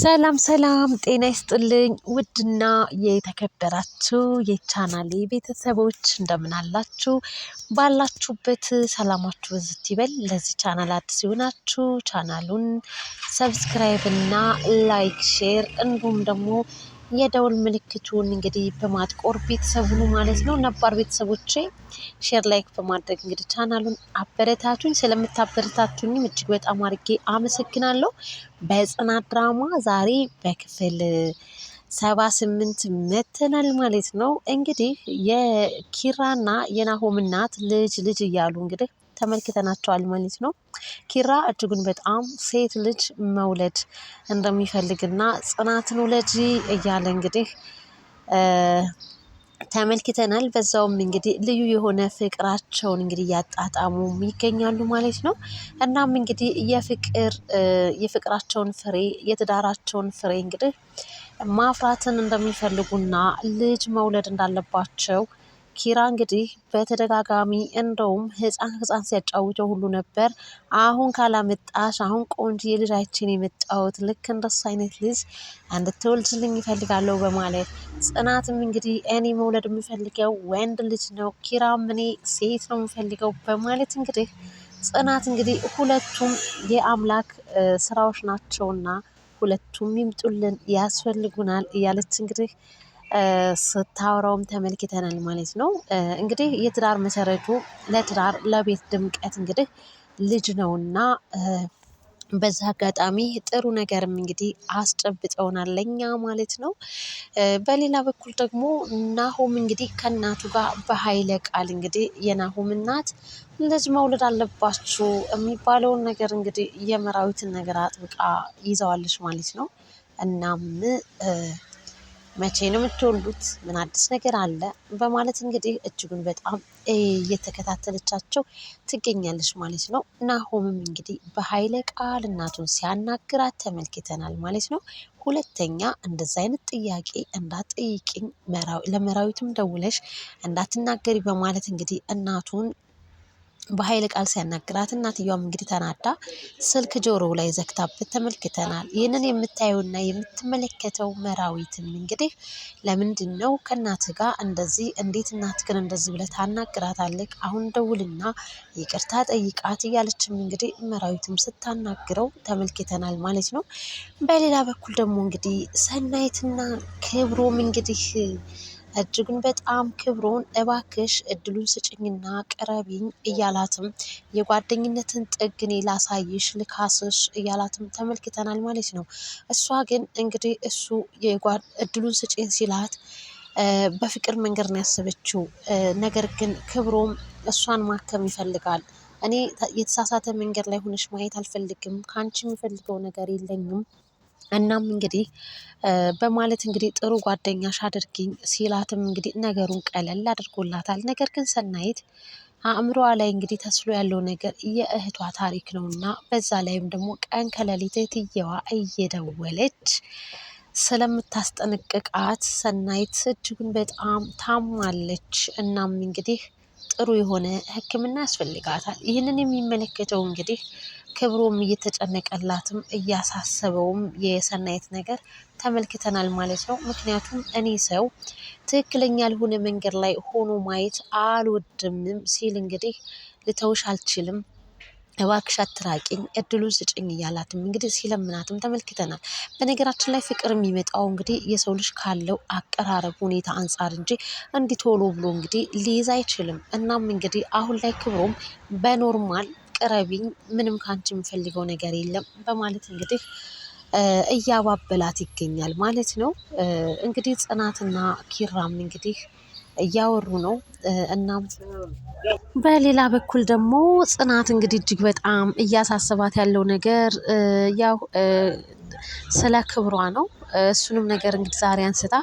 ሰላም ሰላም፣ ጤና ይስጥልኝ ውድና የተከበራችሁ የቻናሌ ቤተሰቦች እንደምን አላችሁ? ባላችሁበት ሰላማችሁ ብዝት ይበል። ለዚህ ቻናል አዲስ የሆናችሁ ቻናሉን ሰብስክራይብ እና ላይክ፣ ሼር እንዲሁም ደግሞ የደውል ምልክቱን እንግዲህ በማጥቆር ቤተሰብ ማለት ነው። ነባር ቤተሰቦቼ ሼር ላይክ በማድረግ እንግዲህ ቻናሉን አበረታቱኝ። ስለምታበረታቱኝም እጅግ በጣም አድርጌ አመሰግናለሁ። በጽናት ድራማ ዛሬ በክፍል ሰባ ስምንት መተናል ማለት ነው። እንግዲህ የኪራና የናሆም እናት ልጅ ልጅ እያሉ እንግዲህ ተመልክተናቸዋል ማለት ነው። ኪራ እጅጉን በጣም ሴት ልጅ መውለድ እንደሚፈልግና ጽናትን ውለጂ እያለ እንግዲህ ተመልክተናል። በዛውም እንግዲህ ልዩ የሆነ ፍቅራቸውን እንግዲህ እያጣጣሙ ይገኛሉ ማለት ነው። እናም እንግዲህ የፍቅር የፍቅራቸውን ፍሬ የትዳራቸውን ፍሬ እንግዲህ ማፍራትን እንደሚፈልጉና ልጅ መውለድ እንዳለባቸው ኪራ እንግዲህ በተደጋጋሚ እንደውም ህፃን ህፃን ሲያጫውተው ሁሉ ነበር። አሁን ካላመጣሽ አሁን ቆንጆ የልጃችን የመጫወት ልክ እንደሱ አይነት ልጅ እንድትወልድልኝ ይፈልጋለሁ በማለት ጽናትም እንግዲህ እኔ መውለድ የምፈልገው ወንድ ልጅ ነው፣ ኪራም እኔ ሴት ነው የምፈልገው በማለት እንግዲህ ጽናት እንግዲህ ሁለቱም የአምላክ ስራዎች ናቸውና ሁለቱም ይምጡልን ያስፈልጉናል እያለች እንግዲህ ስታወራውም ተመልክተናል ማለት ነው። እንግዲህ የትዳር መሰረቱ ለትዳር ለቤት ድምቀት እንግዲህ ልጅ ነውና በዛ አጋጣሚ ጥሩ ነገርም እንግዲህ አስጨብጠውናል ለኛ ማለት ነው። በሌላ በኩል ደግሞ ናሆም እንግዲህ ከእናቱ ጋር በኃይለ ቃል እንግዲህ የናሆም እናት ልጅ መውለድ አለባችሁ የሚባለውን ነገር እንግዲህ የመራዊትን ነገር አጥብቃ ይዘዋለች ማለት ነው። እናም መቼ ነው የምትወልዱት? ምን አዲስ ነገር አለ? በማለት እንግዲህ እጅጉን በጣም እየተከታተለቻቸው ትገኛለች ማለት ነው። ናሆምም እንግዲህ በኃይለ ቃል እናቱን ሲያናግራት ተመልክተናል ማለት ነው። ሁለተኛ እንደዛ አይነት ጥያቄ እንዳትጠይቅኝ ለመራዊትም ደውለሽ እንዳትናገሪ በማለት እንግዲህ እናቱን በኃይል ቃል ሲያናግራት እናትየዋም እንግዲህ ተናዳ ስልክ ጆሮው ላይ ዘግታበት ተመልክተናል። ይህንን የምታየውና የምትመለከተው መራዊትም እንግዲህ ለምንድን ነው ከእናት ጋር እንደዚህ እንዴት ግን እንደዚህ ብለህ ታናግራታለህ? አሁን ደውልና ይቅርታ ጠይቃት እያለችም እንግዲህ መራዊትም ስታናግረው ተመልክተናል ማለት ነው። በሌላ በኩል ደግሞ እንግዲህ ሰናይትና ክብሮም እንግዲህ እጅጉን በጣም ክብሮን እባክሽ እድሉን ስጭኝና ቅረቢኝ እያላትም የጓደኝነትን ጥግ እኔ ላሳይሽ ልካስሽ እያላትም ተመልክተናል ማለት ነው። እሷ ግን እንግዲህ እሱ እድሉን ስጭኝ ሲላት በፍቅር መንገድ ነው ያሰበችው። ነገር ግን ክብሮም እሷን ማከም ይፈልጋል። እኔ የተሳሳተ መንገድ ላይ ሆነሽ ማየት አልፈልግም፣ ከአንቺ የሚፈልገው ነገር የለኝም እናም እንግዲህ በማለት እንግዲህ ጥሩ ጓደኛሽ አድርጊኝ ሲላትም እንግዲህ ነገሩን ቀለል አድርጎላታል። ነገር ግን ሰናይት አእምሮዋ ላይ እንግዲህ ተስሎ ያለው ነገር የእህቷ ታሪክ ነው እና በዛ ላይም ደግሞ ቀን ከሌሊት እህትየዋ እየደወለች ስለምታስጠነቅቃት ሰናይት እጅጉን በጣም ታማለች። እናም እንግዲህ ጥሩ የሆነ ሕክምና ያስፈልጋታል። ይህንን የሚመለከተው እንግዲህ ክብሮም እየተጨነቀላትም እያሳሰበውም የሰናይት ነገር ተመልክተናል ማለት ነው። ምክንያቱም እኔ ሰው ትክክለኛ ያልሆነ መንገድ ላይ ሆኖ ማየት አልወድምም ሲል እንግዲህ ልተውሽ አልችልም እባክሽ አትራቂኝ እድሉን ስጭኝ እያላትም እንግዲህ ሲለምናትም ተመልክተናል። በነገራችን ላይ ፍቅር የሚመጣው እንግዲህ የሰው ልጅ ካለው አቀራረብ ሁኔታ አንጻር እንጂ እንዲህ ቶሎ ብሎ እንግዲህ ሊይዝ አይችልም። እናም እንግዲህ አሁን ላይ ክብሮም በኖርማል ቅረቢኝ፣ ምንም ከአንቺ የምፈልገው ነገር የለም በማለት እንግዲህ እያባበላት ይገኛል ማለት ነው። እንግዲህ ጽናትና ኪራም እንግዲህ እያወሩ ነው። እናም በሌላ በኩል ደግሞ ጽናት እንግዲህ እጅግ በጣም እያሳስባት ያለው ነገር ያው ስለ ክብሯ ነው። እሱንም ነገር እንግዲህ ዛሬ አንስታ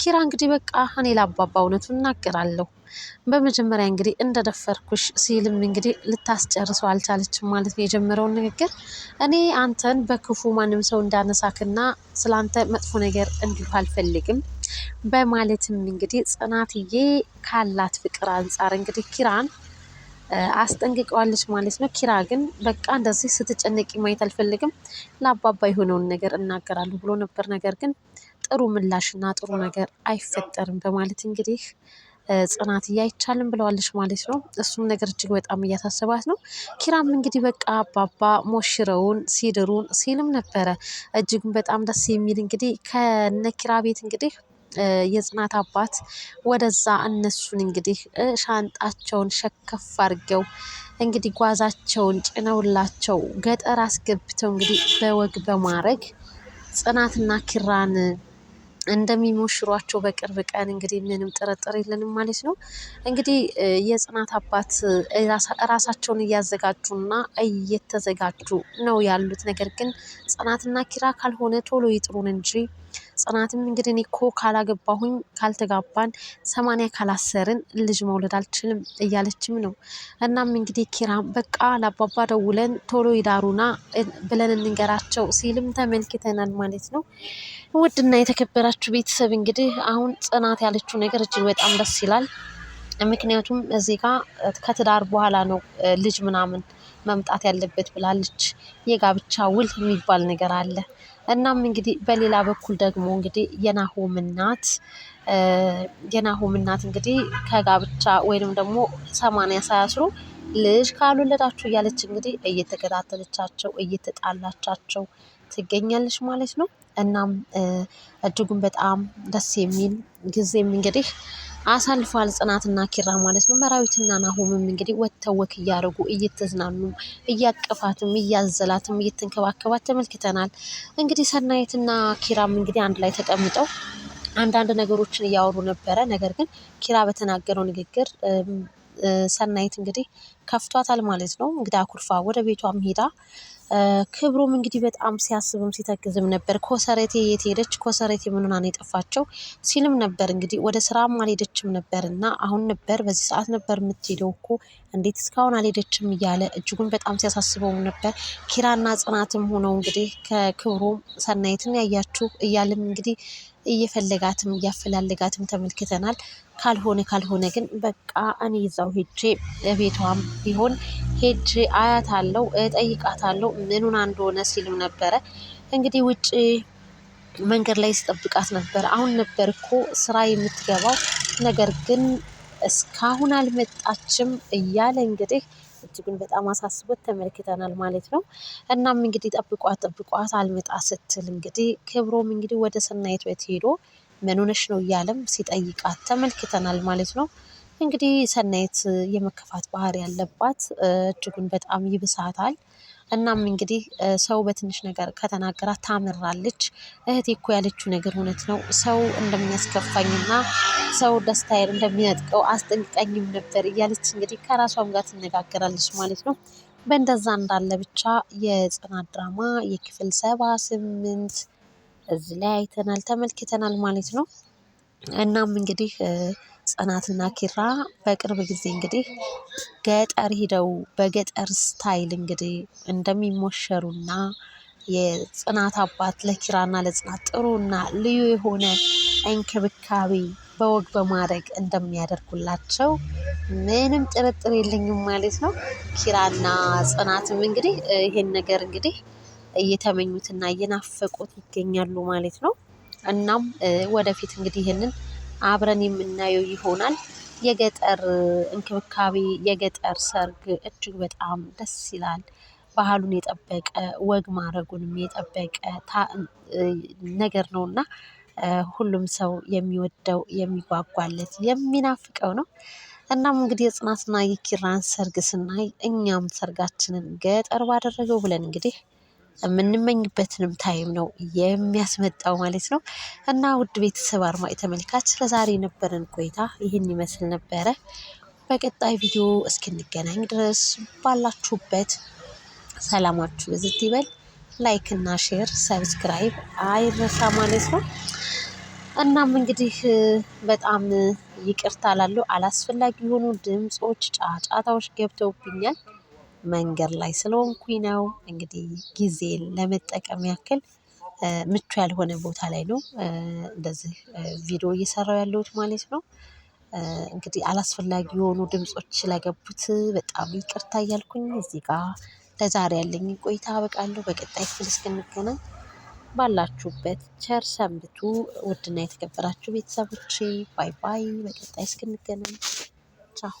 ኪራ እንግዲህ በቃ እኔ ለአባባ እውነቱ እናገራለሁ በመጀመሪያ እንግዲህ እንደደፈርኩሽ ሲልም እንግዲህ ልታስጨርሰው አልቻለችም ማለት ነው። የጀመረውን ንግግር እኔ አንተን በክፉ ማንም ሰው እንዳነሳክና ስላንተ መጥፎ ነገር እንዲሁ አልፈልግም በማለትም እንግዲህ ጽናትዬ ካላት ፍቅር አንጻር እንግዲህ ኪራን አስጠንቅቀዋለች ማለት ነው። ኪራ ግን በቃ እንደዚህ ስትጨነቂ ማየት አልፈልግም፣ ለአባባ የሆነውን ነገር እናገራለሁ ብሎ ነበር። ነገር ግን ጥሩ ምላሽና ጥሩ ነገር አይፈጠርም በማለት እንግዲህ ጽናት አይቻልም ብለዋለች ማለት ነው። እሱም ነገር እጅግ በጣም እያሳሰባት ነው። ኪራም እንግዲህ በቃ አባባ ሞሽረውን ሲድሩን ሲልም ነበረ። እጅግም በጣም ደስ የሚል እንግዲህ ከነ ኪራ ቤት እንግዲህ የጽናት አባት ወደዛ እነሱን እንግዲህ ሻንጣቸውን ሸከፍ አድርገው እንግዲህ ጓዛቸውን ጭነውላቸው ገጠር አስገብተው እንግዲህ በወግ በማድረግ ጽናትና ኪራን እንደሚሞሽሯቸው በቅርብ ቀን እንግዲህ ምንም ጥርጥር የለንም ማለት ነው። እንግዲህ የጽናት አባት ራሳቸውን እያዘጋጁና እየተዘጋጁ ነው ያሉት። ነገር ግን ጽናትና ኪራ ካልሆነ ቶሎ ይጥሩን እንጂ ጽናትም እንግዲህ እኔ እኮ ካላገባሁኝ ካልተጋባን ሰማንያ ካላሰርን ልጅ መውለድ አልችልም እያለችም ነው። እናም እንግዲህ ኪራም በቃ ለአባባ ደውለን ቶሎ ይዳሩና ብለን እንንገራቸው ሲልም ተመልክተናል ማለት ነው። ውድና የተከበራችሁ ቤተሰብ እንግዲህ አሁን ጽናት ያለችው ነገር እጅግ በጣም ደስ ይላል። ምክንያቱም እዚህ ጋር ከትዳር በኋላ ነው ልጅ ምናምን መምጣት ያለበት ብላለች። የጋብቻ ውል የሚባል ነገር አለ። እናም እንግዲህ በሌላ በኩል ደግሞ እንግዲህ የናሆም እናት የናሆም እናት እንግዲህ ከጋብቻ ወይንም ደግሞ ሰማንያ ሳያስሩ ልጅ ካልወለዳችሁ እያለች እንግዲህ እየተከታተለቻቸው እየተጣላቻቸው ትገኛለች ማለት ነው። እናም እጅጉን በጣም ደስ የሚል ጊዜም እንግዲህ አሳልፏል ጽናትና ኪራ ማለት ነው። መራዊትና ናሆምም እንግዲህ ወጥተው ወክ እያደረጉ እየተዝናኑ እያቀፋትም እያዘላትም እየተንከባከባት ተመልክተናል። እንግዲህ ሰናየትና ኪራም እንግዲህ አንድ ላይ ተቀምጠው አንዳንድ ነገሮችን እያወሩ ነበረ። ነገር ግን ኪራ በተናገረው ንግግር ሰናይት እንግዲህ ከፍቷታል ማለት ነው። እንግዲህ አኩርፋ ወደ ቤቷም ሄዳ ክብሩም እንግዲህ በጣም ሲያስብም ሲተክዝም ነበር። ኮሰረቴ የት ሄደች? ኮሰረቴ ምንሆናን የጠፋቸው ሲልም ነበር። እንግዲህ ወደ ስራም አልሄደችም ነበር እና አሁን ነበር በዚህ ሰዓት ነበር የምትሄደው እኮ እንዴት እስካሁን አልሄደችም እያለ እጅጉን በጣም ሲያሳስበው ነበር። ኪራና ጽናትም ሆነው እንግዲህ ከክብሩም ሰናይትን ያያችሁ እያልም እንግዲህ እየፈለጋትም እያፈላለጋትም ተመልክተናል። ካልሆነ ካልሆነ ግን በቃ እኔ ይዛው ሄጄ ቤቷም ቢሆን ሄጄ አያታለሁ፣ እጠይቃታለሁ ምኑን እንደሆነ ሲልም ነበረ እንግዲህ ውጭ መንገድ ላይ ስጠብቃት ነበር። አሁን ነበር እኮ ስራ የምትገባው ነገር ግን እስካሁን አልመጣችም እያለ እንግዲህ እጅጉን በጣም አሳስቦት ተመልክተናል ማለት ነው። እናም እንግዲህ ጠብቋት ጠብቋት አልመጣ ስትል እንግዲህ ክብሮም እንግዲህ ወደ ሰናይት ቤት ሄዶ ምን ሆነሽ ነው እያለም ሲጠይቃት ተመልክተናል ማለት ነው። እንግዲህ ሰናይት የመከፋት ባህሪ ያለባት እጅጉን በጣም ይብሳታል። እናም እንግዲህ ሰው በትንሽ ነገር ከተናገራት ታምራለች። እህቴ እኮ ያለችው ነገር እውነት ነው፣ ሰው እንደሚያስከፋኝና ሰው ደስታዬን እንደሚነጥቀው አስጠንቅቀኝም ነበር እያለች እንግዲህ ከራሷም ጋር ትነጋገራለች ማለት ነው። በእንደዛ እንዳለ ብቻ የጽናት ድራማ የክፍል ሰባ ስምንት እዚህ ላይ አይተናል ተመልክተናል ማለት ነው። እናም እንግዲህ ጽናትና ኪራ በቅርብ ጊዜ እንግዲህ ገጠር ሂደው በገጠር ስታይል እንግዲህ እንደሚሞሸሩና የጽናት አባት ለኪራና ለጽናት ጥሩና ልዩ የሆነ እንክብካቤ በወግ በማድረግ እንደሚያደርጉላቸው ምንም ጥርጥር የለኝም ማለት ነው። ኪራና ጽናትም እንግዲህ ይሄን ነገር እንግዲህ እየተመኙትና እየናፈቁት ይገኛሉ ማለት ነው። እናም ወደፊት እንግዲህ ይህንን አብረን የምናየው ይሆናል። የገጠር እንክብካቤ፣ የገጠር ሰርግ እጅግ በጣም ደስ ይላል። ባህሉን የጠበቀ ወግ ማድረጉንም የጠበቀ ነገር ነው እና ሁሉም ሰው የሚወደው የሚጓጓለት የሚናፍቀው ነው። እናም እንግዲህ የጽናትና የኪራን ሰርግ ስናይ እኛም ሰርጋችንን ገጠር ባደረገው ብለን እንግዲህ የምንመኝበትንም ታይም ነው የሚያስመጣው ማለት ነው። እና ውድ ቤተሰብ አድማጭ ተመልካች ለዛሬ የነበረን ቆይታ ይህን ይመስል ነበረ። በቀጣይ ቪዲዮ እስክንገናኝ ድረስ ባላችሁበት ሰላማችሁ ብዝት ይበል። ላይክ እና ሼር ሰብስክራይብ አይረሳ ማለት ነው። እናም እንግዲህ በጣም ይቅርታ ላለው አላስፈላጊ የሆኑ ድምፆች፣ ጫጫታዎች ገብተውብኛል። መንገድ ላይ ስለሆንኩኝ ነው። እንግዲህ ጊዜን ለመጠቀም ያክል ምቹ ያልሆነ ቦታ ላይ ነው እንደዚህ ቪዲዮ እየሰራሁ ያለሁት ማለት ነው። እንግዲህ አላስፈላጊ የሆኑ ድምጾች ስለገቡት በጣም ይቅርታ እያልኩኝ እዚህ ጋር ለዛሬ ያለኝን ቆይታ አበቃለሁ። በቀጣይ ክፍል እስክንገናኝ ባላችሁበት ቸር ሰንብቱ። ውድና የተከበራችሁ ቤተሰቦቼ ባይ ባይ። በቀጣይ እስክንገናኝ ቻው።